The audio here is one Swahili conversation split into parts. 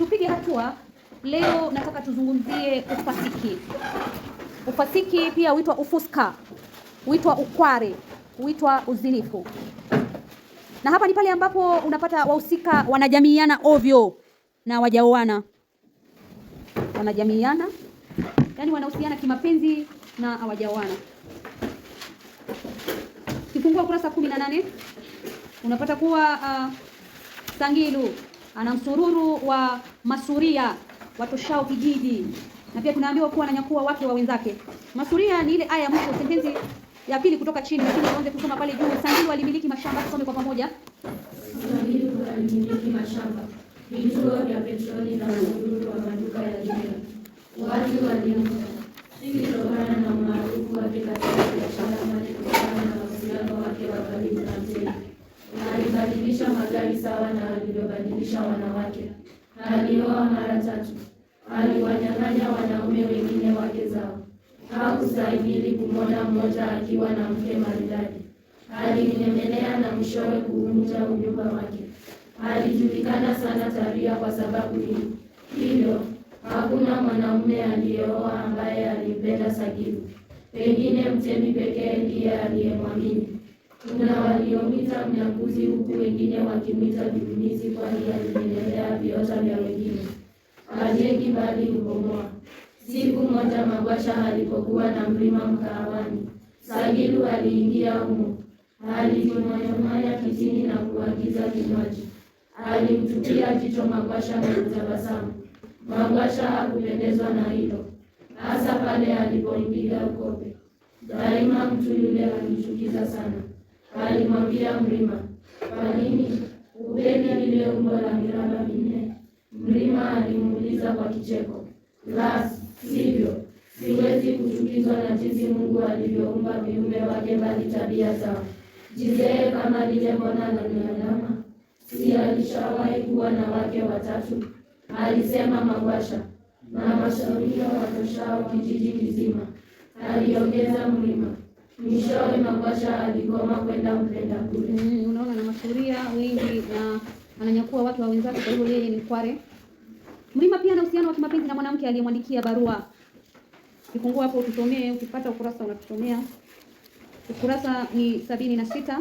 tupige hatua. Leo nataka tuzungumzie ufasiki. Ufasiki pia huitwa ufuska, huitwa ukware, huitwa uzinifu, na hapa ni pale ambapo unapata wahusika wanajamiiana ovyo na wajaoana, wanajamiiana yani wanahusiana kimapenzi na hawajaoana. Kifungua kurasa kumi na nane unapata kuwa uh, Sangilu ana msururu wa masuria watoshao kijiji, na pia tunaambiwa kuwa na nyakuwa wake wa wenzake. Masuria ni ile aya ya mwisho, sentensi ya pili kutoka chini, lakini tuanze kusoma pale juu. Sangilu walimiliki mashamba, tusome kwa pamoja. Sangilu walimiliki mashamba, vituo vya petroli na uhuru wa maduka ya jumla. Watu walimka si kutokana na umaarufu wake katika biashara, bali kutokana na uhusiano wake wa karibu na mteja. Alibadilisha magari sawa na alivyobadilisha wanawake alioa mara tatu. Aliwanyang'anya wanaume wengine wake zao. Hakustahimili kumwona mmoja akiwa na mke maridadi. Alimnemelea na mshowe kuunja unyumba wake. Alijulikana sana taria kwa sababu hii. Hivyo hakuna mwanaume aliyeoa ambaye alimpenda Sagilu. Pengine Mtemi pekee ndiye aliyemwamini. Kuna waliomita mnyakuzi, huku wengine wakimwita vivimizi, kwani aliendelea viota vya wengine. Hajengi bali hubomoa. Siku moja Magwasha alipokuwa na mlima mkahawani, Sagilu aliingia humo. Alijimwayamwaya kitini na kuagiza kinywaji. Alimtupia jicho Magwasha na kutabasamu. Magwasha hakupendezwa na hilo, hasa pale alipompiga ukope Daima mtu yule alichukiza sana alimwambia mlima, kwa nini ubeni lile umbo la miraba minne? Mlima alimuuliza kwa kicheko, la sivyo, siwezi kuchukizwa na jinsi Mungu alivyoumba viumbe wake, bali tabia zao. Jizee kama lile mbona la mnyama si alishawahi kuwa na wake watatu? Alisema Magwasha na mashauria watoshao kijiji kizima, aliongeza Mlima. Mwishowe Magwasha aligoma kwenda mpenda kule. Mm, unaona na masuria wengi na ananyakua watu wa wenzake, kwa hivyo yeye ni kware. Mlima pia ana uhusiano wa kimapenzi na mwanamke aliyemwandikia barua. Kifungua hapo ututomee ukipata ukurasa unatutomea Ukurasa ni sabini na sita.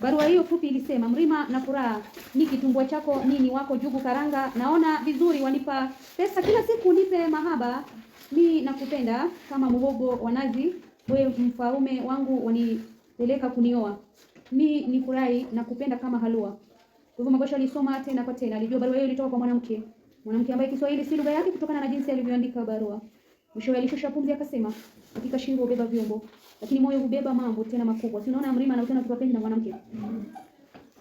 Barua hiyo fupi ilisema: Mrima na furaha, ni kitumbua chako nini wako jugu karanga, naona vizuri, wanipa pesa kila siku, nipe mahaba mi nakupenda kama muhogo wa nazi, we mfaume wangu wanipeleka kunioa, mi nifurahi furahi nakupenda kama halua. Hivyo Magosha alisoma tena kwa tena, alijua barua hiyo ilitoka kwa mwanamke, mwanamke ambaye Kiswahili si lugha yake kutokana na jinsi alivyoandika barua. Mwishowe alishusha pumzi akasema, hakika shingo hubeba vyombo, lakini moyo hubeba mambo tena makubwa. Si unaona Mrima ana uhusiano wa kimapenzi na mwanamke,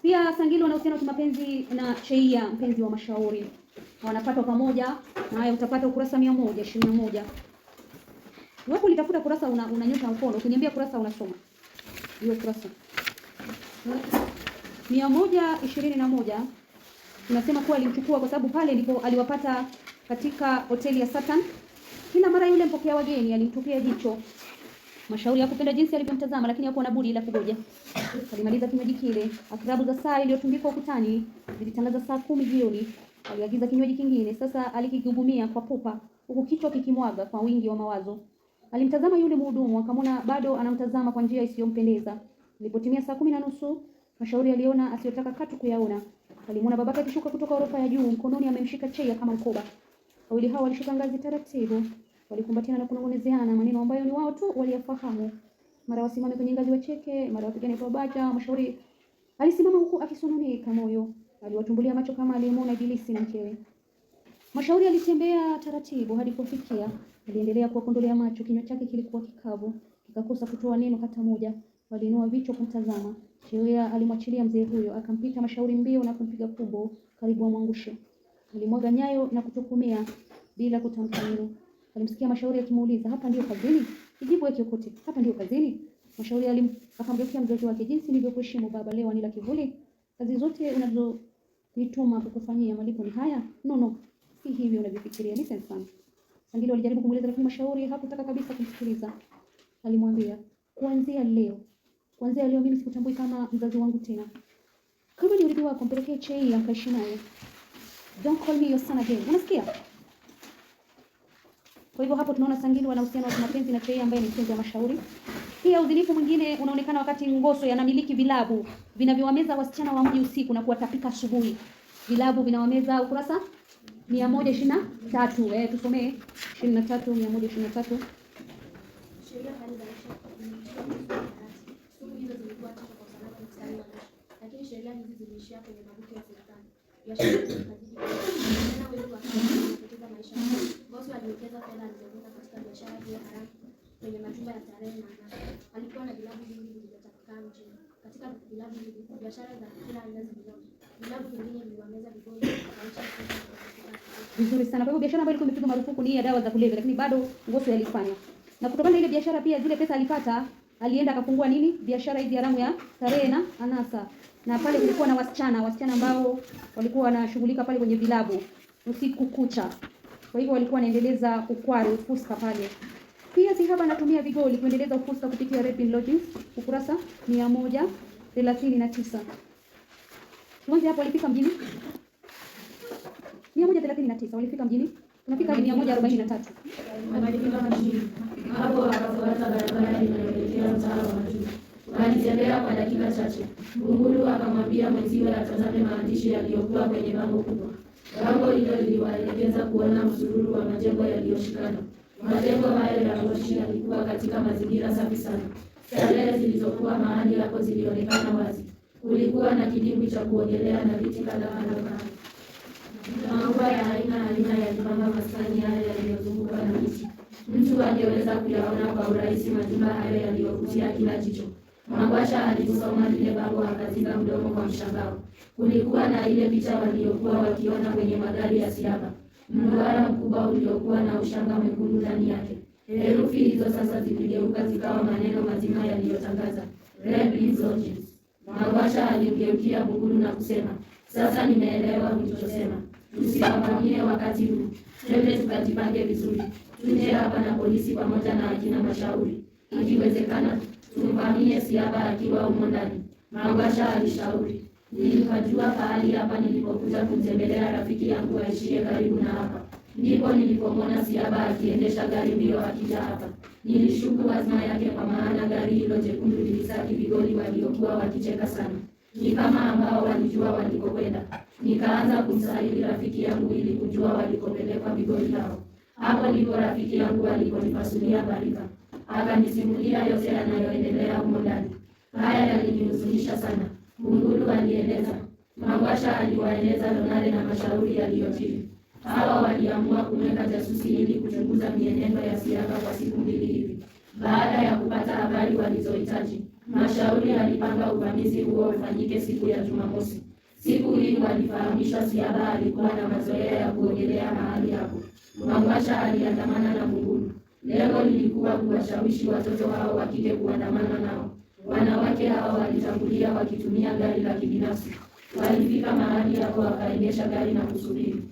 pia Sangilo ana uhusiano wa kimapenzi na Cheia, mpenzi wa Mashauri wanapatwa pamoja na wewe utapata ukurasa mia moja Wewe ulitafuta kurasa una, unanyosha mkono, ukiniambia kurasa unasoma hiyo kurasa 121 Tunasema kuwa alimchukua kwa sababu pale ndipo aliwapata katika hoteli ya Satan. Kila mara yule mpokea wageni alimtupia jicho, mashauri hakupenda jinsi alivyomtazama, lakini hakuwa na budi ila kugoja. Alimaliza kinywaji kile. Akrabu za saa iliyotumbikwa ukutani zilitangaza saa kumi jioni aliagiza kinywaji kingine, sasa alikigugumia kwa pupa, huku kichwa kikimwaga kwa wingi wa mawazo. Alimtazama yule mhudumu, akamwona bado anamtazama kwa njia isiyompendeza. Ilipotimia saa kumi na nusu, Mashauri aliona asiyotaka katu kuyaona. Alimwona babake akishuka kutoka orofa ya juu, mkononi amemshika cheya kama mkoba. Wawili hao walishuka ngazi taratibu, walikumbatiana na kunongonezeana maneno ambayo ni wao tu waliyafahamu. Mara wasimame kwenye ngazi wacheke, mara wapigane kwa bacha. Mashauri alisimama huku akisononeka moyo aliwatumbulia macho kama aliyemwona ibilisi na mkewe. Mashauri alitembea taratibu hadi kufikia, aliendelea kuwakondolea macho. Kinywa chake kilikuwa kikavu, kikakosa kutoa neno hata moja. Waliinua vichwa kumtazama. Sheria alimwachilia mzee huyo, akampita Mashauri mbio na kumpiga kubo, karibu amwangushe. Alimwaga nyayo na kutokomea bila kutamka neno. Alimsikia Mashauri akimuuliza, hapa ndiyo kazini? Kijibu yake kote, hapa ndiyo kazini. Mashauri akamgeukia mzazi wake, jinsi nilivyokuheshimu baba, leo ni la kivuli. Kazi zote unazo nituma kukufanyia malipo ni haya? No, no, si hivi unavyofikiria. sense sana. Sangili alijaribu kumweleza lakini mashauri hakutaka kabisa kumsikiliza. Alimwambia, kuanzia leo, kuanzia leo mimi sikutambui kama mzazi wangu tena. Kama ni urithi wako, mpelekee chei akaishi naye. Don't call me your son again. Unasikia? Kwa hivyo hapo tunaona Sangili wana uhusiano wa kimapenzi na Chei ambaye ni mpenzi wa Mashauri. Pia udhinifu mwingine unaonekana wakati Ngoso yanamiliki vilabu vinavyowameza wasichana wa mji usiku na kuwatapika asubuhi. Vilabu vinawameza ukurasa 123. Eh, tusomee 23 123 kwenye majumba ya tarehe na anasa. Palikuwa na vilabu vingi vilivyotapakaa mjini. Katika vilabu hivi, biashara za kila aina ziliomo. Vilabu vingine viliwameza vigogo vizuri sana. Kwa hiyo biashara ambayo ilikuwa imepigwa marufuku ni ya dawa za kulevya, lakini bado Ngosi alifanya. Na kutokana na ile biashara pia zile pesa alipata, alienda akafungua nini? Biashara hizi haramu ya tarehe na anasa. Na pale kulikuwa na wasichana, wasichana ambao walikuwa wanashughulika pale kwenye vilabu usiku kucha. Kwa hivyo walikuwa wanaendeleza ukwaru, ufuska pale. Pia si hapa natumia vigoli kuendeleza ukursa kupitia Repin Logins, ukurasa 139. Mwanzo hapo walifika mjini 139, walifika mjini tunafika hadi 143. Hapo akafuata barabara inayoelekea mtaa wa Matuu. Walitembea kwa dakika chache. Gungulu akamwambia mwenziwe atazame maandishi yaliyokuwa kwenye bango kubwa. Bango hilo liliwaelekeza kuona msururu wa majengo yaliyoshikana. Majengo hayo ya Moshi yalikuwa katika mazingira safi sana. Starehe zilizokuwa mahali hapo zilionekana wazi. Kulikuwa na kidimbwi cha kuogelea na viti kadha kadha. kando. Maua ya aina aina yalipamba maskani hayo yaliyozungukwa na miti. Mtu angeweza kuyaona kwa urahisi majumba hayo yaliyovutia kila jicho. Mangwasha alisoma lile bango akaziba mdomo kwa mshangao. Kulikuwa na ile picha waliokuwa wakiona kwenye magari ya siaba mduara mkubwa uliokuwa na ushanga mwekundu ndani yake. Herufi hizo sasa ziligeuka zikawa maneno mazima yaliyotangaza Magwasha alimgeukia Bugulu na kusema, sasa nimeelewa ulichosema. Tusiwavamie wakati huu, twende tukajipange vizuri, tuje hapa na polisi pamoja na akina Mashauri. Ikiwezekana tumvamie Siaba akiwa umo ndani, Magwasha alishauri. Nilipajua pahali hapa nilipokuja kumtembelea rafiki yangu aishie karibu na hapa. Ndipo nilipomwona Siaba akiendesha gari mbio akija hapa. Nilishuku azma yake, kwa maana gari hilo jekundu lilisaki vigoli waliokuwa wakicheka sana, ni kama ambao walijua walikokwenda. Nikaanza kumsahili rafiki yangu ili kujua walikopelekwa vigoli hao. Hapo ndipo rafiki yangu aliponipasulia barika, akanisimulia yote yanayoendelea humo ndani. Haya yalinihuzunisha sana. Mgulu alieleza, Mangwasha aliwaeleza Lonare na mashauri yaliyojiri. Hawa waliamua kumweka jasusi ili kuchunguza mienendo ya Siaka kwa siku mbili hivi. Baada ya kupata habari walizohitaji, mashauri alipanga uvamizi huo ufanyike siku ya Jumamosi. Siku hii walifahamishwa Siaba alikuwa na mazoea ya kuogelea mahali hapo. Mangwasha aliandamana na mungulu Lengo lilikuwa kuwashawishi watoto hao wa kike kuandamana nao. Wanawake hao walitangulia wakitumia gari la kibinafsi. Walifika mahali hapo wakaegesha gari na kusubiri.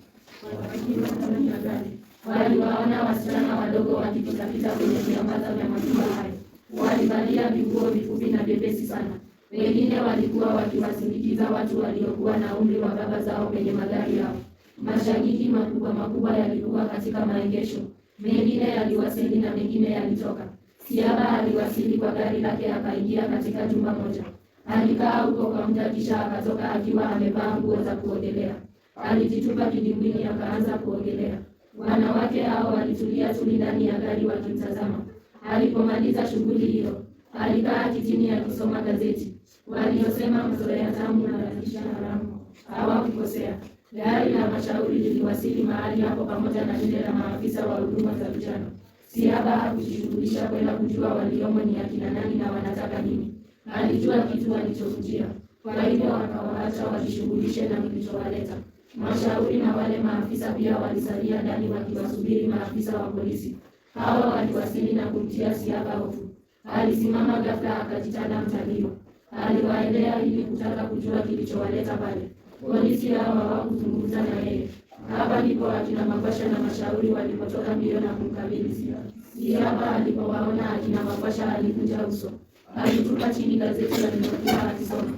gari, waliwaona wasichana wadogo wakipitapita kwenye viambaza vya majumba hayo. Walivalia viguo vifupi na vyepesi sana. Wengine walikuwa wakiwasindikiza watu waliokuwa na umri wa baba zao kwenye magari yao. Mashagiki makubwa makubwa yalikuwa katika maegesho, mengine yaliwasili na mengine yalitoka. Kiama aliwasili kwa gari lake akaingia katika jumba moja. Alikaa huko kwa muda kisha akatoka akiwa amevaa nguo za kuogelea. Alijitupa kidimbwini akaanza kuogelea. Wanawake hao walitulia tuli ndani ya gari wakimtazama. Alipomaliza shughuli hiyo, alikaa kitini akisoma gazeti. Waliosema mazoea tamu na maisha haramu hawakukosea. Gari la mashauri liliwasili mahali hapo pamoja na lile la maafisa wa huduma za vijana. Siaba hakujishughulisha kwenda kujua waliomo ni akina nani na wanataka nini. Alijua kitu walichokujia, kwa hivyo wakawaacha wajishughulishe na kilichowaleta. Mashauri na wale maafisa pia walisalia ndani wakiwasubiri maafisa wa polisi. Hawa waliwasili na kumtia Siaba hofu. Alisimama ghafla, akajitanda mtalio. Aliwaendea ili kutaka kujua kilichowaleta pale. Polisi hawa hawakuzungumza na yeye. Hapa ndipo akina Mabasha na Mashauri walipotoka mbio na kumkabili. Ni hapa alipowaona akina Mabasha, alikunja uso, alitupa chini gazeti alilokuwa akisoma,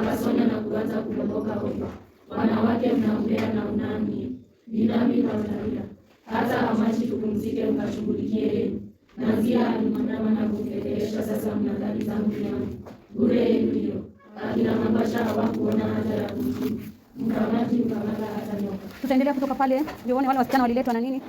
akasonya na kuanza kuboboka hoja. Wanawake mnaombea na unani ni nami hata hamachi, tupumzike mkashughulikie yenu. Nazia alimwandama na kumkelelesha, sasa mnadhaliza zangu yangu bure yenu hiyo. Akina Mabasha hawakuona hata ya kumjibu. Tutaendelea kutoka pale, ndio uone wale wasichana waliletwa na nini.